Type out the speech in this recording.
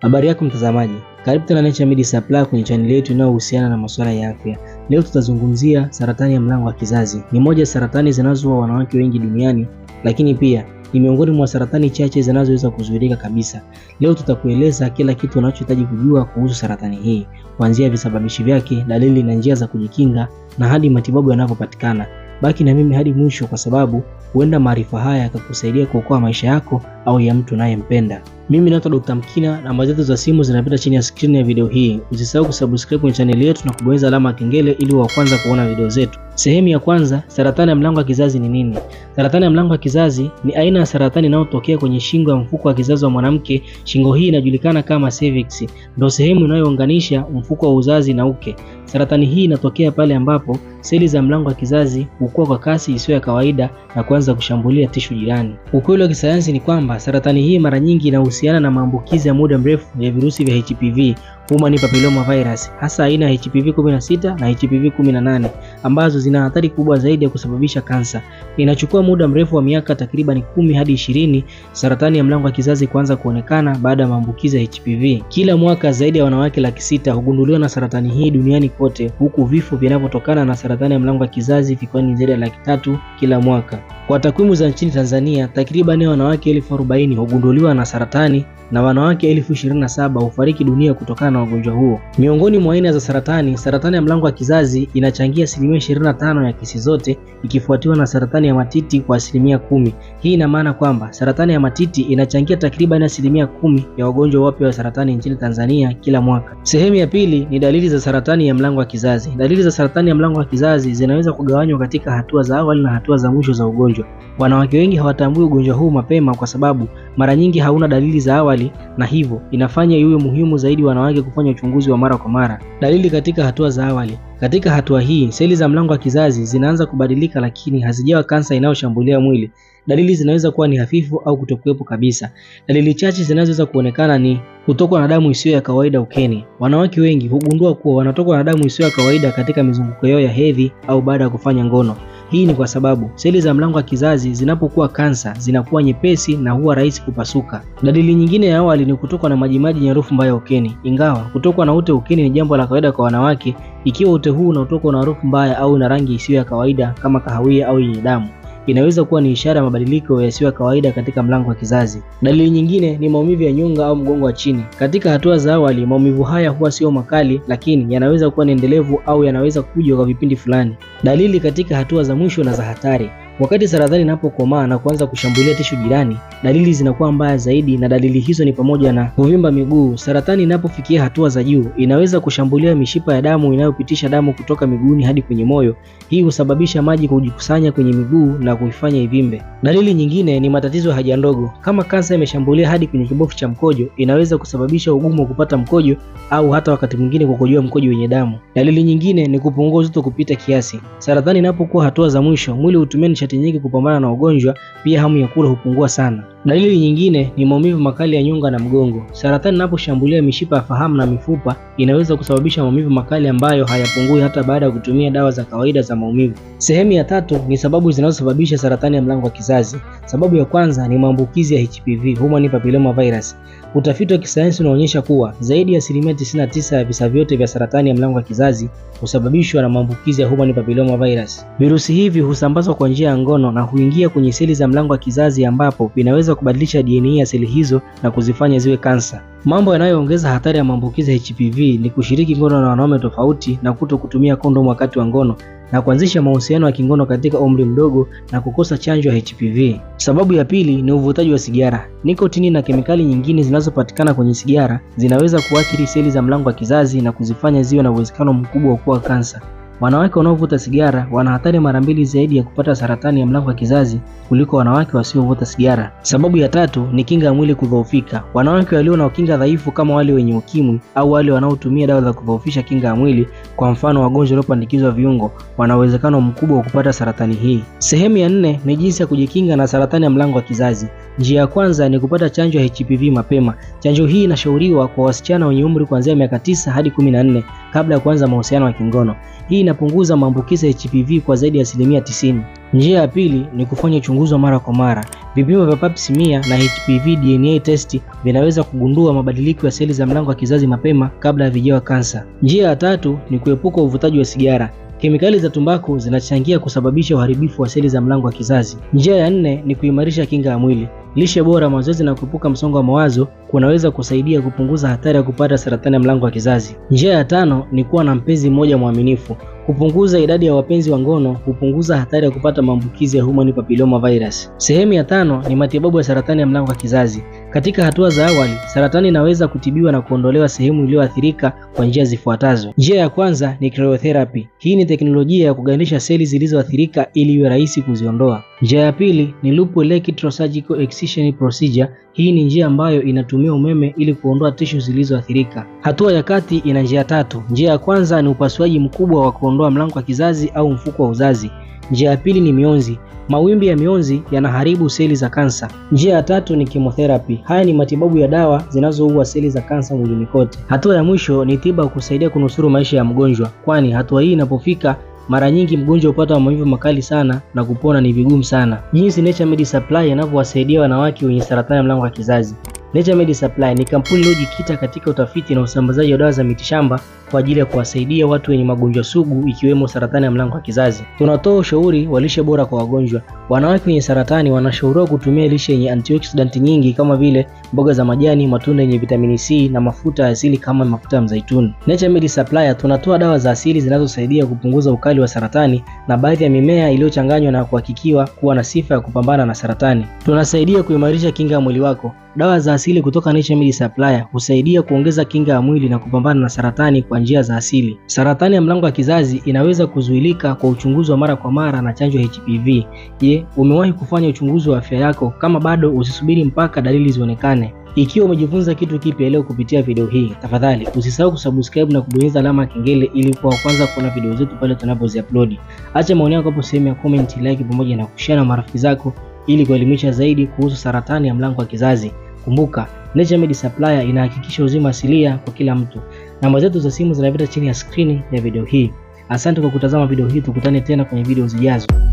Habari yako mtazamaji, karibu tena Nature Media Supply kwenye chaneli yetu inayohusiana na masuala ya afya. Leo tutazungumzia saratani ya mlango wa kizazi. Ni moja ya saratani zinazoua wanawake wengi duniani, lakini pia ni miongoni mwa saratani chache zinazoweza kuzuilika kabisa. Leo tutakueleza kila kitu unachohitaji kujua kuhusu saratani hii, kuanzia visababishi vyake, dalili na njia za kujikinga, na hadi matibabu yanavyopatikana. Baki na mimi hadi mwisho, kwa sababu huenda maarifa haya yakakusaidia kuokoa maisha yako au ya mtu unayempenda. Mimi naitwa Dr. Mkina, namba zetu za simu zinapita chini ya screen ya video hii. Usisahau kusubscribe kwenye channel yetu na kubonyeza alama ya kengele ili wa kwanza kuona video zetu. Sehemu ya kwanza, saratani ya mlango wa kizazi ni nini? Saratani ya mlango wa kizazi ni aina ya saratani inayotokea kwenye shingo ya mfuko wa kizazi wa mwanamke. Shingo hii inajulikana kama cervix, ndio sehemu inayounganisha mfuko wa uzazi na uke. Saratani hii inatokea pale ambapo seli za mlango wa kizazi hukua kwa kasi isiyo ya kawaida na kuanza kushambulia tishu jirani. Ukweli wa kisayansi ni kwamba saratani hii mara nyingi ina kuhusiana na maambukizi ya muda mrefu ya virusi vya HPV human papilloma virus, hasa aina ya HPV 16 na HPV 18 ambazo zina hatari kubwa zaidi ya kusababisha kansa. Inachukua muda mrefu wa miaka takriban kumi hadi ishirini saratani ya mlango wa kizazi kuanza kuonekana baada ya maambukizi ya HPV. Kila mwaka zaidi ya wanawake laki sita hugunduliwa na saratani hii duniani kote, huku vifo vinavyotokana na saratani ya mlango wa kizazi vikiwa ni zaidi ya laki tatu kila mwaka. Kwa takwimu za nchini Tanzania, takriban wanawake elfu arobaini hugunduliwa na saratani na wanawake elfu ishirini na saba hufariki dunia kutokana na wagonjwa huo. Miongoni mwa aina za saratani, saratani ya mlango wa kizazi inachangia asilimia 25 ya kesi zote, ikifuatiwa na saratani ya matiti kwa asilimia kumi. Hii ina maana kwamba saratani ya matiti inachangia takriban asilimia kumi ya wagonjwa wapya wa saratani nchini Tanzania kila mwaka. Sehemu ya pili ni dalili za saratani ya mlango wa kizazi. Dalili za saratani ya mlango wa kizazi zinaweza kugawanywa katika hatua za awali na hatua za mwisho za ugonjwa. Wanawake wengi hawatambui ugonjwa huu mapema kwa sababu mara nyingi hauna dalili za awali, na hivyo inafanya iwe muhimu zaidi wanawake kufanya uchunguzi wa mara kwa mara. Dalili katika hatua za awali. Katika hatua hii, seli za mlango wa kizazi zinaanza kubadilika, lakini hazijawa kansa inayoshambulia mwili. Dalili zinaweza kuwa ni hafifu au kutokuwepo kabisa. Dalili chache zinazoweza kuonekana ni kutokwa na damu isiyo ya kawaida ukeni. Wanawake wengi hugundua kuwa wanatokwa na damu isiyo ya kawaida katika mizunguko yao ya hedhi au baada ya kufanya ngono. Hii ni kwa sababu seli za mlango wa kizazi zinapokuwa kansa zinakuwa nyepesi na huwa rahisi kupasuka. Dalili nyingine ya awali ni kutokwa na majimaji yenye harufu mbaya ukeni. Ingawa kutokwa na ute ukeni ni jambo la kawaida kwa wanawake, ikiwa ute huu unatokwa na harufu mbaya au na rangi isiyo ya kawaida kama kahawia au yenye damu inaweza kuwa ni ishara ya mabadiliko yasiyo ya kawaida katika mlango wa kizazi. Dalili nyingine ni maumivu ya nyonga au mgongo wa chini. Katika hatua za awali, maumivu haya huwa sio makali, lakini yanaweza kuwa ni endelevu au yanaweza kuja kwa vipindi fulani. Dalili katika hatua za mwisho na za hatari Wakati saratani inapokomaa na kuanza kushambulia tishu jirani, dalili zinakuwa mbaya zaidi, na dalili hizo ni pamoja na kuvimba miguu. Saratani inapofikia hatua za juu, inaweza kushambulia mishipa ya damu inayopitisha damu kutoka miguuni hadi kwenye moyo. Hii husababisha maji kujikusanya kwenye miguu na kuifanya ivimbe. Dalili nyingine ni matatizo ya haja ndogo. Kama kansa imeshambulia hadi kwenye kibofu cha mkojo, inaweza kusababisha ugumu wa kupata mkojo au hata wakati mwingine kukojoa mkojo wenye damu. Dalili nyingine ni kupungua uzito kupita kiasi. Saratani inapokuwa hatua za mwisho, mwili hutumia nishati nyingi kupambana na ugonjwa, pia hamu ya kula hupungua sana. Dalili nyingine ni maumivu makali ya nyonga na mgongo. Saratani inaposhambulia mishipa ya fahamu na mifupa, inaweza kusababisha maumivu makali ambayo hayapungui hata baada ya kutumia dawa za kawaida za maumivu. Sehemu ya tatu ni sababu zinazosababisha saratani ya mlango wa kizazi. Sababu ya kwanza ni maambukizi ya HPV, human papilloma virus. Utafiti wa kisayansi unaonyesha kuwa zaidi ya asilimia 99 ya visa vyote vya saratani ya mlango wa kizazi husababishwa na maambukizi ya human papilloma virus. Virusi hivi husambazwa kwa njia ya ngono na huingia kwenye seli za mlango wa kizazi ambapo vinaweza kubadilisha DNA ya seli hizo na kuzifanya ziwe kansa. Mambo yanayoongeza hatari ya maambukizi ya HPV ni kushiriki ngono na wanaume tofauti na kuto kutumia kondomu wakati wa ngono na kuanzisha mahusiano ya kingono katika umri mdogo na kukosa chanjo ya HPV. Sababu ya pili ni uvutaji wa sigara. Nikotini na kemikali nyingine zinazopatikana kwenye sigara zinaweza kuathiri seli za mlango wa kizazi na kuzifanya ziwe na uwezekano mkubwa wa kuwa kansa. Wanawake wanaovuta sigara wana hatari mara mbili zaidi ya kupata saratani ya mlango wa kizazi kuliko wanawake wasiovuta sigara. Sababu ya tatu ni kinga ya mwili kudhoofika. Wanawake walio na kinga dhaifu kama wale wenye ukimwi au wale wanaotumia dawa za kudhoofisha kinga ya mwili, kwa mfano wagonjwa waliopandikizwa viungo, wana uwezekano mkubwa wa kupata saratani hii. Sehemu ya nne ni jinsi ya kujikinga na saratani ya mlango wa kizazi. Njia ya kwanza ni kupata chanjo ya HPV mapema. Chanjo hii inashauriwa kwa wasichana wenye umri kuanzia miaka tisa hadi kumi na nne kabla ya kuanza mahusiano ya kingono. Hii inapunguza maambukizi ya HPV kwa zaidi ya asilimia 90. Njia ya pili ni kufanya uchunguzi wa mara kwa mara. Vipimo vya pap smear na HPV DNA test vinaweza kugundua mabadiliko ya seli za mlango wa kizazi mapema kabla ya vijawa kansa. Njia ya tatu ni kuepuka uvutaji wa sigara. Kemikali za tumbaku zinachangia kusababisha uharibifu wa seli za mlango wa kizazi. Njia ya nne ni kuimarisha kinga ya mwili. Lishe bora, mazoezi na kuepuka msongo wa mawazo kunaweza kusaidia kupunguza hatari ya kupata saratani ya mlango wa kizazi. Njia ya tano ni kuwa na mpenzi mmoja mwaminifu. Kupunguza idadi ya wapenzi wa ngono hupunguza hatari ya kupata maambukizi ya human papilloma virus. Sehemu ya tano ni matibabu ya saratani ya mlango wa kizazi. Katika hatua za awali, saratani inaweza kutibiwa na kuondolewa sehemu iliyoathirika kwa njia zifuatazo. Njia ya kwanza ni cryotherapy. Hii ni teknolojia ya kugandisha seli zilizoathirika ili iwe rahisi kuziondoa. Njia ya pili ni loop electrosurgical excision procedure. Hii ni njia ambayo inatumia umeme ili kuondoa tishu zilizoathirika. Hatua ya kati ina njia tatu. Njia ya kwanza ni upasuaji mkubwa wa kuondoa mlango wa kizazi au mfuko wa uzazi. Njia ya pili ni mionzi. Mawimbi ya mionzi yanaharibu seli za kansa. Njia ya tatu ni chemotherapy. Haya ni matibabu ya dawa zinazoua seli za kansa mwilini kote. Hatua ya mwisho ni tiba kusaidia kunusuru maisha ya mgonjwa, kwani hatua hii inapofika mara nyingi mgonjwa hupata maumivu makali sana na kupona ni vigumu sana. Jinsi Naturemed Supply yanavyowasaidia wanawake wenye saratani ya mlango wa kizazi. Naturemed Supply ni kampuni iliyojikita katika utafiti na usambazaji wa dawa za mitishamba kwa ajili ya kuwasaidia watu wenye magonjwa sugu ikiwemo saratani ya mlango wa kizazi. Tunatoa ushauri wa lishe bora kwa wagonjwa. Wanawake wenye saratani wanashauriwa kutumia lishe yenye antioxidant nyingi kama vile mboga za majani, matunda yenye vitamini C na mafuta ya asili kama mafuta ya mzaituni. Naturemed Supply tunatoa dawa za asili zinazosaidia kupunguza ukali wa saratani na baadhi ya mimea iliyochanganywa na kuhakikiwa kuwa na sifa ya kupambana na saratani. Tunasaidia kuimarisha kinga ya mwili wako. Dawa za asili kutoka Naturemed Supplies husaidia kuongeza kinga ya mwili na kupambana na saratani kwa njia za asili. Saratani ya mlango wa kizazi inaweza kuzuilika kwa uchunguzi wa mara kwa mara na chanjo ya HPV. Je, umewahi kufanya uchunguzi wa afya yako? Kama bado, usisubiri mpaka dalili zionekane. Ikiwa umejifunza kitu kipya leo kupitia video hii, tafadhali usisahau kusubscribe na kubonyeza alama ya kengele ili kuwa wa kwanza kuona video zetu pale tunapoziupload. Acha maoni yako hapo sehemu ya comment, like pamoja na kushare na marafiki zako ili kuelimisha zaidi kuhusu saratani ya mlango wa kizazi. Kumbuka, Naturemed Supplier inahakikisha uzima asilia kwa kila mtu. Namba zetu za simu zinapita chini ya skrini ya video hii. Asante kwa kutazama video hii, tukutane tena kwenye video zijazo.